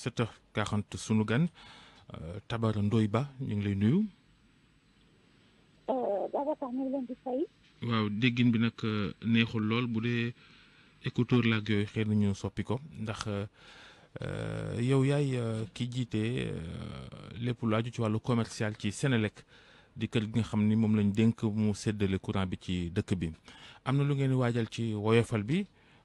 17 heures 40 sunu gan euh, Tabara Ndoye Ba ñu ngi lay nuyu. Euh, Babacar ñu ngi leen di fay. waaw déggin bi nag euh, neexul lool bu dee écouteur la ak yooyu xëy soppi ko ndax yow yaay ki jiite lépp lu aju ci wàllu commercial ci Sénélec di kër gi nga xam ni moom dénk mu séddale courant bi ci dëkk bi am lu ngeen waajal ci woyofal bi.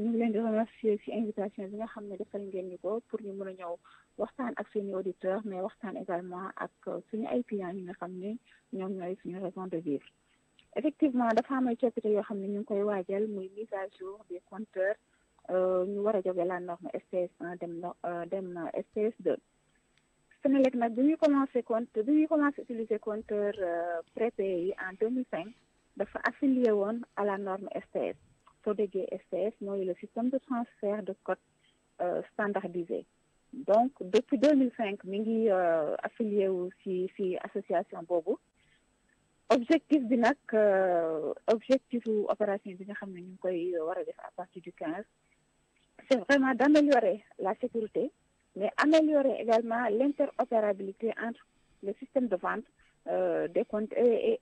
Nous ngi remercier aussi invitation bi nga xam ne defal ngeen ko pour ñu mën a ñëw waxtaan ak auditeurs mais waxtaan également ak suñu ay clients yi nga xam ne ñoom suñu raison de vivre. effectivement dafa am ay coppite yoo xam ne koy mise à jour des compteurs euh, ñu war a la norme STS 1 dem euh, dem STS 2. Nous nag bi ñuy commencé compte bi ñuy utiliser compteur euh, prépayé yi en 2005 dafa affilié woon à la norme STS protéger non, nous, le système de transfert de code euh, standardisé donc depuis 2005 nous euh, affilié aussi si association Bobo, objectif de euh, objectif objectif opération de à partir du 15 c'est vraiment d'améliorer la sécurité mais améliorer également l'interopérabilité entre le système de vente des comptes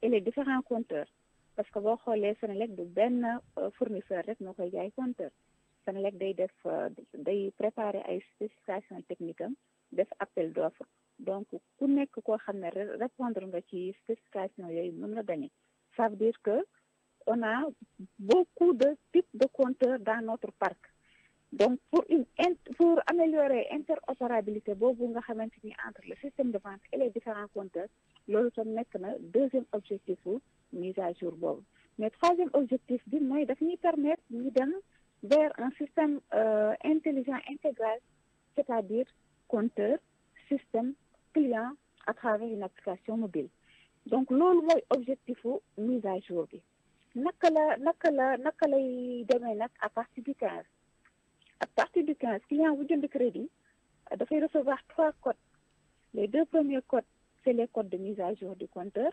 et les différents compteurs parce que boo xoolee Senelec du benn fournisseur rek moo koy jaay compteur Senelec day def day préparer ay spécification technique am def appel d'offre donc ku nekk koo xam ne répondre nga ci spécification yooyu mën nga gagner ça veut dire que on a beaucoup de types de compteurs dans notre parc donc pour une pour améliorer interopérabilité boobu nga xamante ni entre le système de vente et les différents compteurs loolu tam nekk na deuxième objectif mise à jour mais troisième objectif bi de daf permettre d'aller vers un système euh, intelligent intégral c'est-à-dire compteur système client à travers une application mobile donc loolu mooy mise à jour bi naka à partir du 15 à partir du 15 client bu crédit dafay recevoir trois codes les deux premiers codes c'est les codes de mise à jour du compteur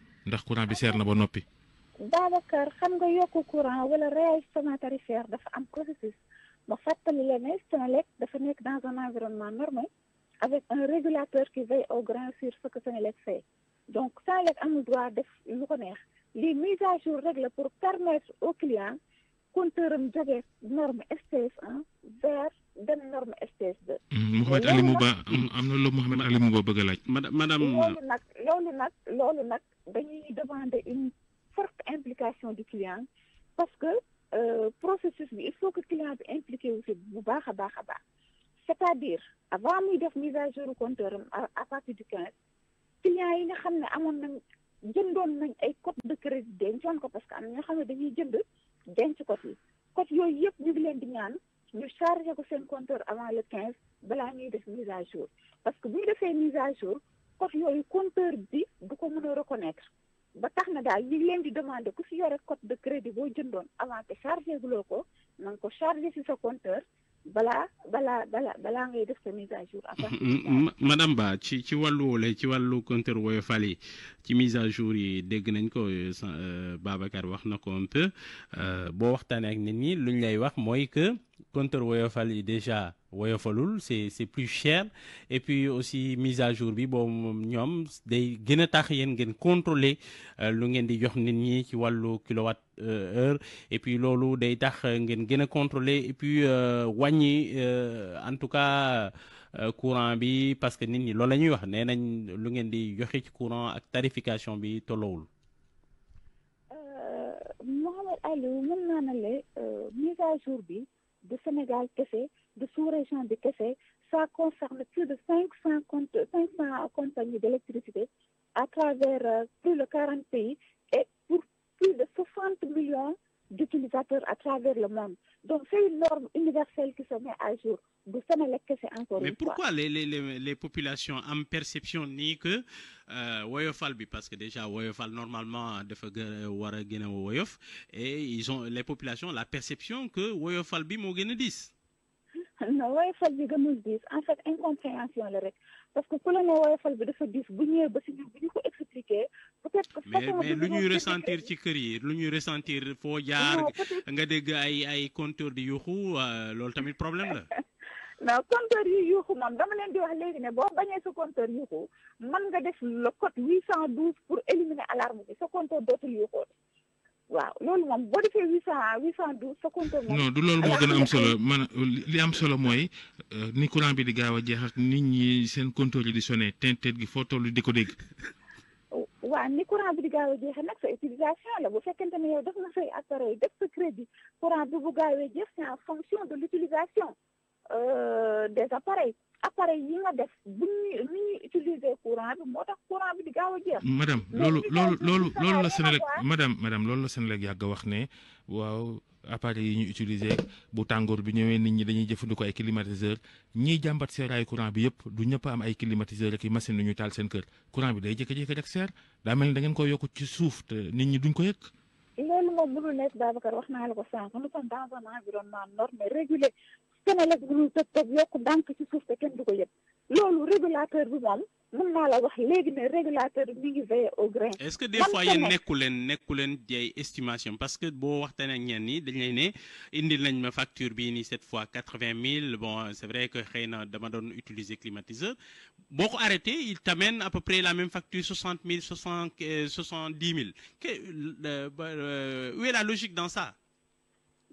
ndax courant bi seer na ba noppi. Babacar xam nga yokku courant wala réajustement tarifaire dafa am processus ma fàttali la ne Senelec dafa nekk dans un environnement normal avec un régulateur qui veille au grain sur ce que Senelec fait donc Senelec amul droit def lu ko neex li mise à jour rek la pour permettre au client compteur am jóge norme STS1 vers dem norme STS2. mohamed Ali Mouba am na loolu Mouhamed Ali Mouba bëgg laaj. madame loolu nag loolu nag loolu nag. dañuy demander une forte implication du client parce que euh, processus bi il faut que client bi impliqué wu bu baax a baax c'est-à-dire avant muy def mise à jour compteur à partir du 15 client yi nga xam ne amoon nañ jëndoon nañ ay code de crédit dencoon ko parce que am ñoo xam ne dañuy jënd denc code yi code yooyu yëpp ñu ngi leen di ñaan ñu chargé ko seen compteur avant le 15 balaa ñuy def mise à jour parce que bu ñu defee mise à jour cof yooyu compteur bi du ko mën a reconnaître ba tax na daal ñu leen di demander ku fi yore code de crédit boo jëndoon avant te chargé guloo ko na nga ko chargé ci sa compteur balaa balaa balaa balaa ngay def sa mise à jour. madame Ba ci ci wàllu wala ci wàllu compteur Woyofal yi ci mise à jour yi dégg nañ ko euh, euh, Babacar wax na ko un peu euh, boo waxtaanee ak nit ñi luñ lay wax mooy que compteur Woyofal yi déjà woyofalul c'est c'est plus cher et puis aussi mise à jour bi bon, ñom day gëna tax yeen gën contrôler euh, lu ngeen di jox nit ñi ci walu kilowatt euh, heure et puis lolu day tax ngeen gëna contrôler et puis euh, wàññi en tout cas courant bi parce que nit ñi lolu lañuy wax nee nañ lu ngeen di joxe ci courant ak tarification bi tolloowul. Mohamed Aliou mën naa ne mise à jour bi du Sénégal café, de sous-région de kessé, ça concerne plus de 500 500 compagnies d'électricité à travers euh, plus de 40 pays et pour plus de 60 millions d'utilisateurs à travers le monde. Donc c'est une norme universelle qui se met à jour. c'est Encore Mais pourquoi les, les, les, populations en perception ni que euh, parce que déjà Wayofal normalement de Wara Woyof, et ils ont les populations la perception que Woyofal bi mo 10. non woyofal bi gënul diis en fait incompréhension la rek parce que ku la ne woyofal bi dafa diis bu ñëwee ba si ñun bu ñu ko expliquer peut-être que mais mais lu ñuy ressentir ci kër yi lu ñuy ressentir foo jaar nga dégg ay ay compteur di yuuxu euh, loolu tamit problème la non compteur yi yuuxu moom dama leen di wax léegi ne boo bañee sa compteur yuuxu mën nga def le code huit cent douze pour éliminer alarme bi sa compteur dootul yuuxoo waaw loolu moom boo defee huit cent huit cent douze sa compte moom. du loolu moo gën a am solo man li am solo mooy euh, ni courant bi di gaaw a jeex ak nit ñi seen compteur yi di sonné tintet gi foo toll di ko dégg. waaw ni courant bi di gaaw a jeexee nag sa utilisation la bu fekkente ne yow def na say appareil def sa crédit courant bi bu gaawee jeex c'est en fonction de l'utilisation Euh, des appareils appareils yi nga def bu ñu ñuy utiliser courant bi moo tax courant bi di gaaw a jeex. madame loolu loolu loolu loolu la Sénélec madame madame loolu la Sénélec yàgg wax ne waaw appareils yi ñu utiliser bu tàngoor bi ñëwee nit ñi dañuy jëfandikoo ay climatiseur ñiy jàmbat seeraayu courant bi yëpp du ñëpp am ay climatiseur ak i machine yu ñu taal seen kër courant bi day jëkk jékki rek seer daa mel ni da ngeen ko yokk ci suuf te nit ñi duñ ko yëg. Est-ce que des fois il y a une estimation Parce que si vous avez une facture, cette fois 80 000, c'est vrai que vous avez d'utiliser le climatiseur. Si vous il vous amène à peu près la même facture 60 000, 70 000. Où est la logique dans ça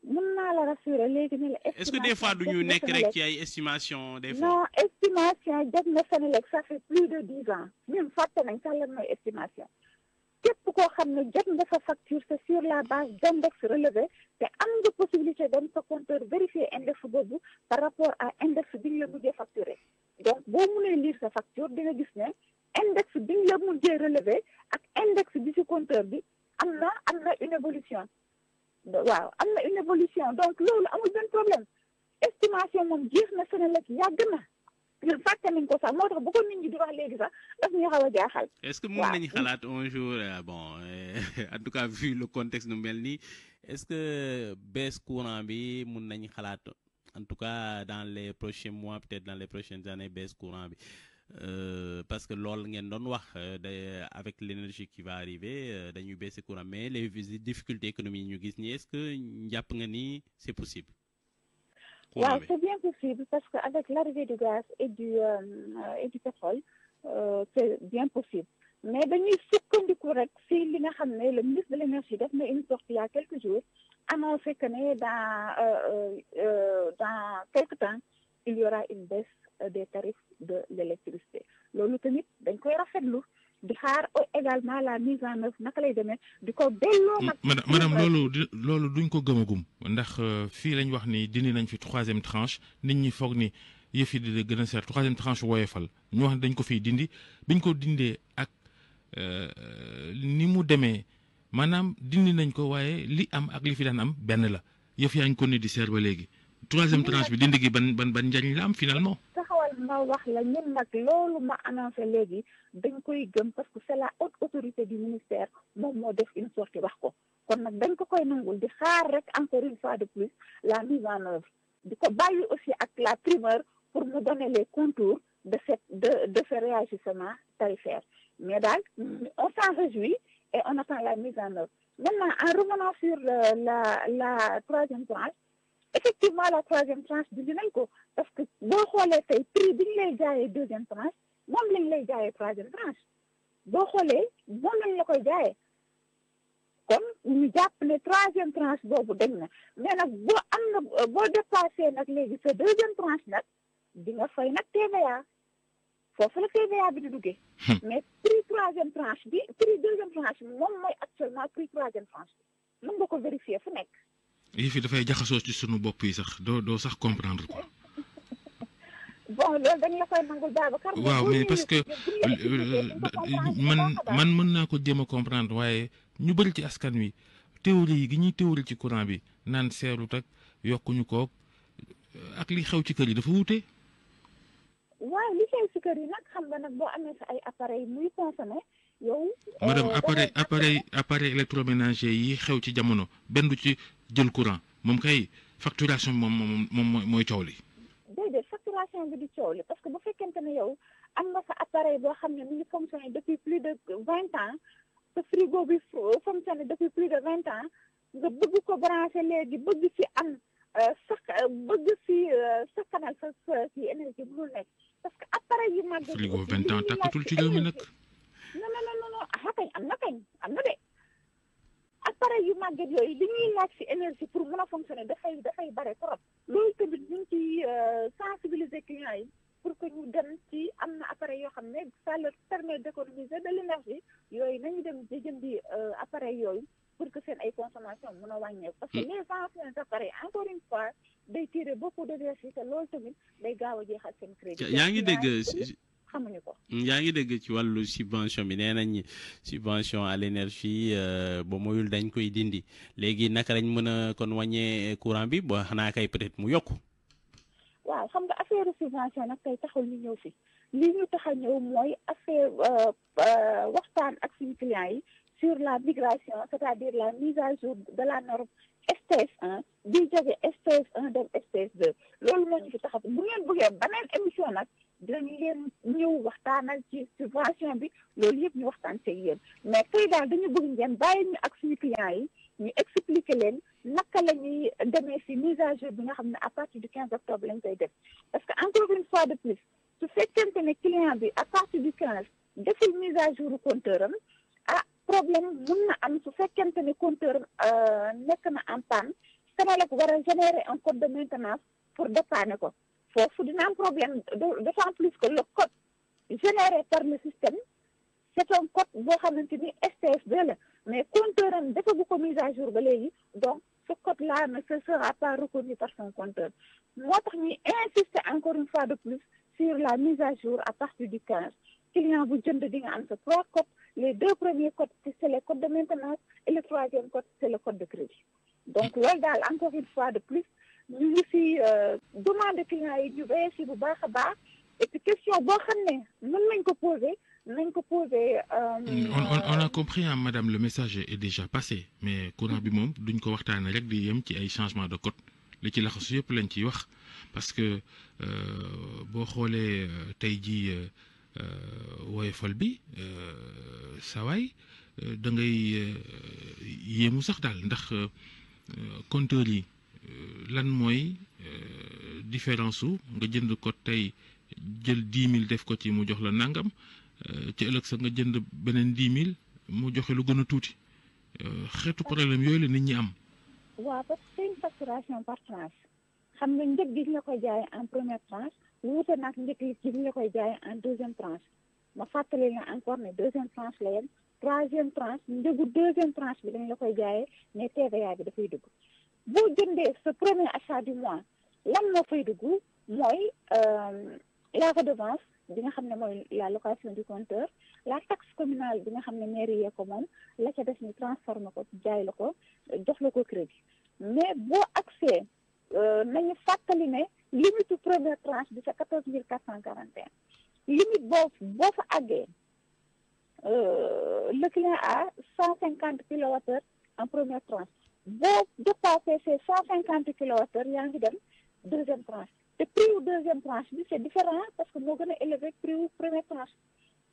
mën naa la rassurer léegi ni la. est-ce que des fois du ñu nekk rek ci ay estimation des fois. non estimation jot na Senelec ça fait plus de dix ans ñun fàtte nañ sax lan mooy estimation képp koo xam ne jot nga sa facture c'est sur la base index relevé te am nga possibilité dem sa compteur vérifier index boobu par rapport à index bi ñu la mujjee facturé donc boo mënee lire sa facture dina nga gis ne index bi ñu la mujjee relevé ak index bi ci compteur bi am na am na une évolution waaw am une évolution donc on amul un problème estimation moom jeex na Senelec yàgg na ñun fàtte nañ ko sax moo tax bu ko nit ñi di wax est-ce que mon nañu xalaat un jour euh, bon euh, en tout cas vu le contexte nu mel est-ce que baisse courant bi mën nañu en tout cas dans les prochains mois peut-être dans les prochaines années baisse courant bi. Euh, parce que l'on ngeen don wax euh, avec l'énergie qui va arriver euh, courant mais les difficultés économiques ñu est-ce que nga ni c'est possible. Oui, c'est bien possible parce que avec l'arrivée du gaz et du et du pétrole c'est bien possible mais dañuy ko rek si li nga xamné le ministre de l'énergie def une sortie il y a quelques jours annoncé que né dans euh, dans quelques temps il y aura une baisse des tarifs de l'électricité loolu tamit dañ koy rafetlu di xaar également la mise en œuvre naka lay demee di ko delloo nag madame loolu loolu duñ ko gëmagum ndax euh, fii lañ wax ni dindi nañ fi troisième tranche nit ñi foog ni yëf yi di gën a seer troisième tranche woyefal ñu wax ne dañ ko fiy dindi biñ ko dindee ak euh, ni mu demee maanaam dindi nañ ko waaye li am ak li fi daan am benn la yëf yaa ngi ko ni di seer ba léegi troisième tranche bi dindi gi ban ban ban njariñ la am finalement. taxawal ma wax la ñun nak loolu ma annoncé légui dañ koy gëm parce que c'est la haute autorité du ministère mom mo def une sortie wax ko kon nak dañ ko koy nangul di xaar rek encore une fois de plus la mise en œuvre di ko bàyyi aussi ak la primeur pour nous donner les contours de cette de de ce réagissement tarifaire mais daal on s'en réjouit et on attend la mise en œuvre maintenant en revenant sur euh, la la troisième tranche effectivement la troisième tranche dindi nañ ko parce que boo xoolee tey prix bi ñu lay jaayee deuxième tranche moom lañ lay jaayee troisième tranche boo xoolee moom lañ la koy jaayee kon ñu jàpp ne troisième tranche boobu dañ na mais nag boo am na boo dépassé nag léegi sa deuxième tranche nag di nga fay nag TVA foofu la TVA bi di duggee. Hmm. mais prix troisième tranche bi prix deuxième bi moom mooy actuellement prix troisième tranche bi mën nga ko vérifier fu nekk. yifi dafay jaxasoo ci sunu bopp yi sax ne sax comprendre ko. bon que la waaw mais parce que man man comprendre waaye ñu ci askan wi théorie yi théorie ci courant bi euh, ak li xew ci kër yi dafa waaw li xew ci kër yi xam appareil madame appareil appareil appareil électroménager yi xew ci jamono benn ci jël courant moom kay facturation bi moom moom moom mooy coow li. déedéet facturation bi di coow li parce que bu fekkente ne yow am nga sa appareil boo xam ne mi ngi fonctionné depuis plus de vingt ans sa frigo bi fonctionné depuis plus de vingt ans nga bëgg ko branché léegi bëgg si am euh, sax bëgg si sakkanal euh, sa si énergie bu dul nekk parce que appareil yu mag. frigo vingt ans takkatul ci réew mi nag. non non non non ah kañ am na kañ am na de. appareil yu màgget yooyu li ñuy laaj si énergie pour mën a fonctionner dafay dafay bare trop loolu tamit ñu ci ciy euh, sensibiliser clients yi pour que ñu dem ci am na appareil yoo xam ne ça leur permet d'économiser de l'énergie yooyu nañu dem di jëndi euh, appareil yooyu pour que seen ay consommation mën a wàññeeku parce que mm. les anciens appareils encore une fois day tirer beaucoup d'énergie loolu tamit day gaaw a jeexal seen crédit yaa ngi dégg xamuñu yaa ngi dégg ci wàllu subvention bi nee nañ subvention à l'énergie euh, ba moyul dañ koy dindi léegi naka lañ mën a kon wàññee courant bi ba xanaa kay peut-être mu yokku xam nga affaire subvention nag tey taxul ñu ñëw fi li ñu tax a ñëw mooy affaire euh, euh, waxtaan ak suñu clients yi sur la migration c'est-à-dire la mise à jour de la norme STS1 di jóge STS1 dem STS2 loolu moo ñu fi tax bu ngeen bëggee beneen émission waxtaan ci subvention bi loolu yëpp ñu waxtaan see yéen mais c'est dans dañu bëgg ngeen bàyyi ñu ak suñu clients yi ñu expliquer leen naka la ñuy demee si mise à jour bi nga xam à partir du 15 octobre lañ koy def parce que encore une fois de plus su fekkente ne client bi à partir du 15 deful mise à jour compteur am ah problème mun na am su fekkente ne compteur euh, nekk na en panne Senelec war a générer un code de maintenance pour dépanner ko foofu dina am problème de plus que le code généré par le système c'est un code boo xamante ni stf mais compteur am defagu ko mise à jour de léegi donc ce code là ne sera pas reconnu par son compteur Moi, je ñuy insister encore une fois de plus sur la mise à jour à partir du 15 client vous jënd di nga trois codes les deux premiers codes c'est les codes de maintenance et le troisième code c'est le code de crédit donc loolu encore une fois de plus nous ngi euh, demande client yi ñu si bu baax a et que question boo xam ne mën nañ ko poser nañ ko poser. Euh, on a compris ah madame le message est déjà passé mais courant bi mom duñ ko waxtaanee rek di yem ci ay changement de code li ci laxasu yëpp lañ ci wax parce que euh, bo boo euh, tay ji euh, euh, woyofal bi euh, sawaay da ngay yéemu sax dal ndax compteur yi lan mooy différence nga jënd ko tay jël dix mille def ko ci mu jox la nangam euh, ci ëllëg sa nga jënd beneen dix mille mu joxe lu gën a tuuti euh, xeetu problème yooyu la nit ñi am. waaw parce que c'est une facturation par tranche xam nga njëg gi la koy jaayee en première tranche lu wute nag njëg gi koy jaayee en deuxième tranche ma fàttali la encore ne deuxième tranche la yem troisième tranche njëgu deuxième tranche bi dañ la koy jaayee mais TVA bi dafay dugg boo jëndee sa premier achat du mois lan moo fay dugg mooy. Euh, la redevance bi nga la location du compteur la taxe communale bi nga xam mairie ko la ca des ni transformé ko jaay la ko jox la ko crédit mais boo accès euh, nañu fàttali ne limite première tranche bi sa quatorze limite de boo fa àggee euh, le client a 150 kWh en première tranche boo dépassé ces 150 kWh, kilowattheure yaa ngi dem deuxième tranche te prix wu deuxième tranche c'est différent parce que moo gën a élevé prix wu première tranche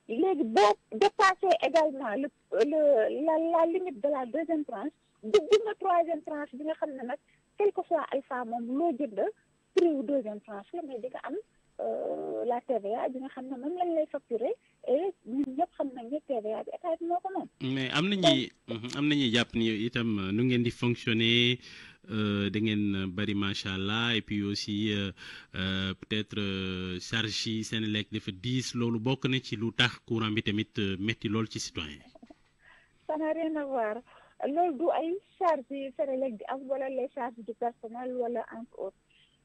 léegi boo dépassé également le la limite de la deuxième tranche dugg la troisième tranche bi nga xam ne nag quel que soit alpha moom loo jënd prix wu deuxième tranche la mais di nga am euh, la TVA bi nga xam ne moom lañ lay facturé et ñun ñëpp xam nañ ne TVA bi état bi moo mais am na ñuy am na ñuy jàpp ni itam nu ngeen di fonctionner. Euh, da ngeen euh, bari et puis aussi euh, peut-être charge sen lek def 10 lolou bokk na ci lutax courant bi tamit metti lool ci citoyen ça n'a rien à voir loolu du ay charge sen lek di am wala les charges du personnel wala entre autres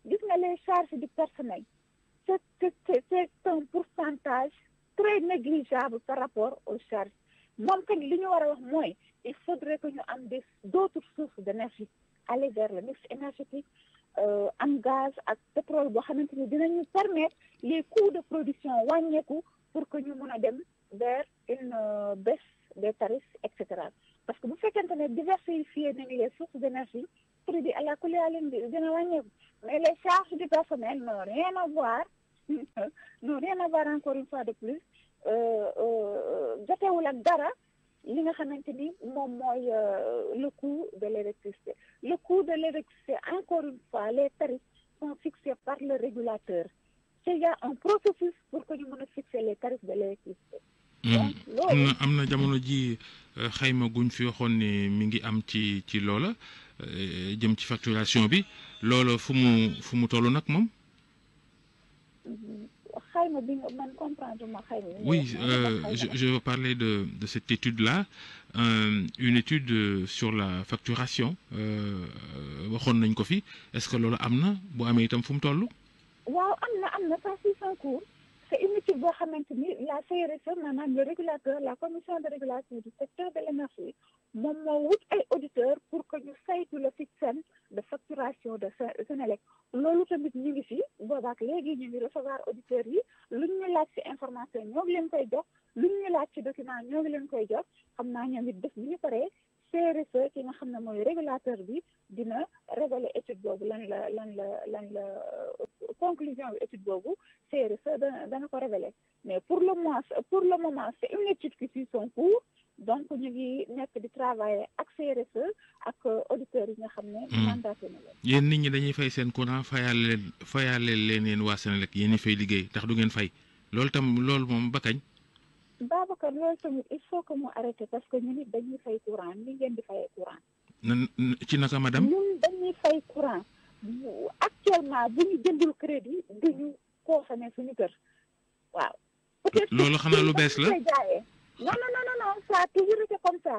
gis nga les charges du personnel c'est c'est c'est un pourcentage très négligeable par rapport aux charges moom kañ li ñu war a wax mooy il faudrait que ñu am des d'autres sources d'énergie aller vers le mix énergétique en euh, gaz en pétrole bo xamanteni permettre les coûts de production pour que nous mëna vers une euh, baisse des tarifs etc. parce que bu fekkente ne diversifier les sources d'énergie prix bi à la mais les charges du personnel n'ont rien à voir n'ont rien à voir encore une fois de plus euh, jotewul ak dara li nga xamante ni moom euh, le coût de l'électricité le coût de l'électricité encore une fois les tarifs sont fixés par le régulateur il y a un processus pour que nous mën fixer les tarifs de l'électricité hmm. am na am na jamono ji euh, xayma guñ fi waxoon ni mi ngi am ci ci loola euh, jëm ci facturation bi loola fu mu fu mu toll mm-hmm. Oui, euh, je, je, veux parler de, cette étude-là, euh, une étude euh, sur la facturation. est-ce que vous avez bu c'est une étude la e, le régulateur la commission de régulation du secteur de l'énergie moom moo wut ay auditeur pour que ñu saytu le système de facturation de Senelec loolu tamit ñu ngi fi boobaak léegi ñu ngi recevoir auditeurs yi lu ñu laaj ci information ñoo ngi leen koy jox lu ñu laaj ci document ñoo ngi leen koy jox xam naa ñoom it def ñu paree CRSE ki nga xam ne mooy régulateur bi dina révéler étude boobu lan la lan la lan la euh, conclusion bi étude boobu CRSE dana dana ko révéler mais pour le moment pour le moment c'est une étude qui suit son cours donc ñu ngi nekk di travailler ak CRSE ak auditeurs yi nga xam ne. Hmm. mandaté na leen. yéen nit ñi dañuy fay seen courant fayaale leen fayaale leen yéen waa Senelec fay liggéey tax du ngeen fay loolu tam loolu moom ba kañ. Babacar loolu tamit il faut que mu arrêté parce que ñu nit dañuy fay courant ni ngeen di fayee courant. nan ci naka madame. ñun dañuy fay courant actuellement bu ñu jëndul crédit duñu consommé suñu kër waaw. peut-être loolu lu bees la non non non non ça toujours été comme ça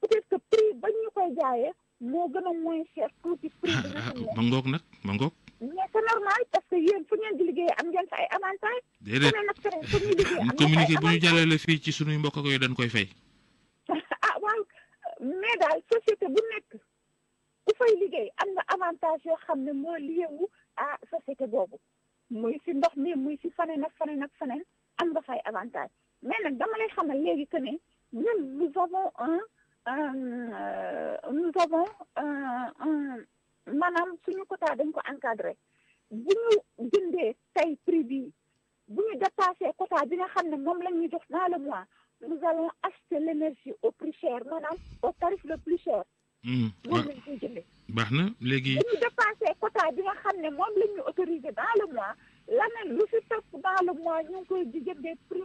peut-être que prix bañ ñu koy jaayee moo gën a moins cher tuuti prix bi nga xam ne ma ngoog nag ma ngoog. mais c'est normal parce que yéen fu ngeen di liggéeyee am ngeen fa ay avantage. déedéet feneen ak feneen fu ñuy liggéeyee am ngeen communiqué bu ñu jàllale fii ci sunuy mbokk ak yooyu dañ koy fay. ah waaw mais daal société bu nekk ku fay liggéey am na avantage yoo xam ne moo liyewu ah société boobu muy si ndox mi muy si faneen ak faneen ak faneen am nga fay avantage. mais nag dama lay xamal léegi que né ñun nous avons un euh nous avons un manam suñu quota dañ ko encadrer bu ñu jëndee tey prix bi bu ñu dépassé quota bi nga xamné mom lañ ñu jox dans le mois nous allons acheter l'énergie au plus cher manam au tarif le plus cher. Hmm, moom la ñu koy jëndee. baax na bu ñu dépassé quota bi nga xamné mom lañ ñu autoriser autorisé dans le mois leneen lu fi top dans le mois ñu koy di jëndee prix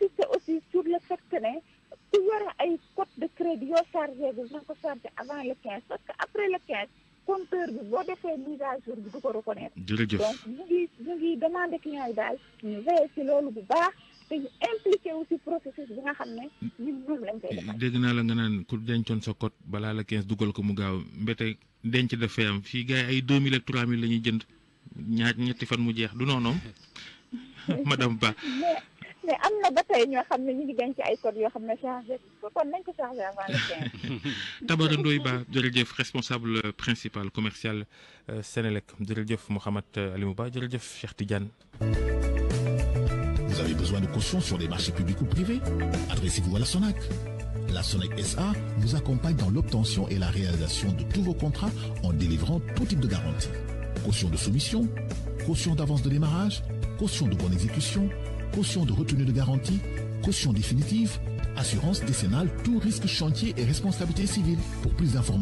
insister aussi sur le fait ne ku yore ay code de crédit yoo chargé bi na ko chargé avant le 15 parce que après le 15 compteur bi boo defee mise bi du ko reconnaître. jërëjëf donc ñu ngi ñu ngi demandé client yi daal ñu veillé si loolu bu baax. te ñu impliqué aussi processus bi nga xam ne. ñun ñoom lañ koy defal. dégg naa la nga naan ku dencoon sa code balaa la 15 dugal ko mu gaaw mbete denc dafay am fii gars yi ay 2000 ak 3000 la ñuy jënd ñaar fan mu jeex du noonu mais am na ñoo xam ne ñu ngi ay avant le responsable principal commercial euh, Sénélec jërëjëf Mouhamad euh, Alimou Ba jërëjëf Cheikh Tidiane. Vous avez besoin de caution sur des marchés publics ou privés? Adressez-vous à la SONAC. La SONAC SA vous accompagne dans l'obtention et la réalisation de tous vos contrats en délivrant tout type de garantie. Caution de soumission, caution d'avance de démarrage, caution de bonne exécution, caution de retenue de garantie, caution définitive, assurance décennale, tout risque chantier et responsabilité civile. Pour plus d'informations,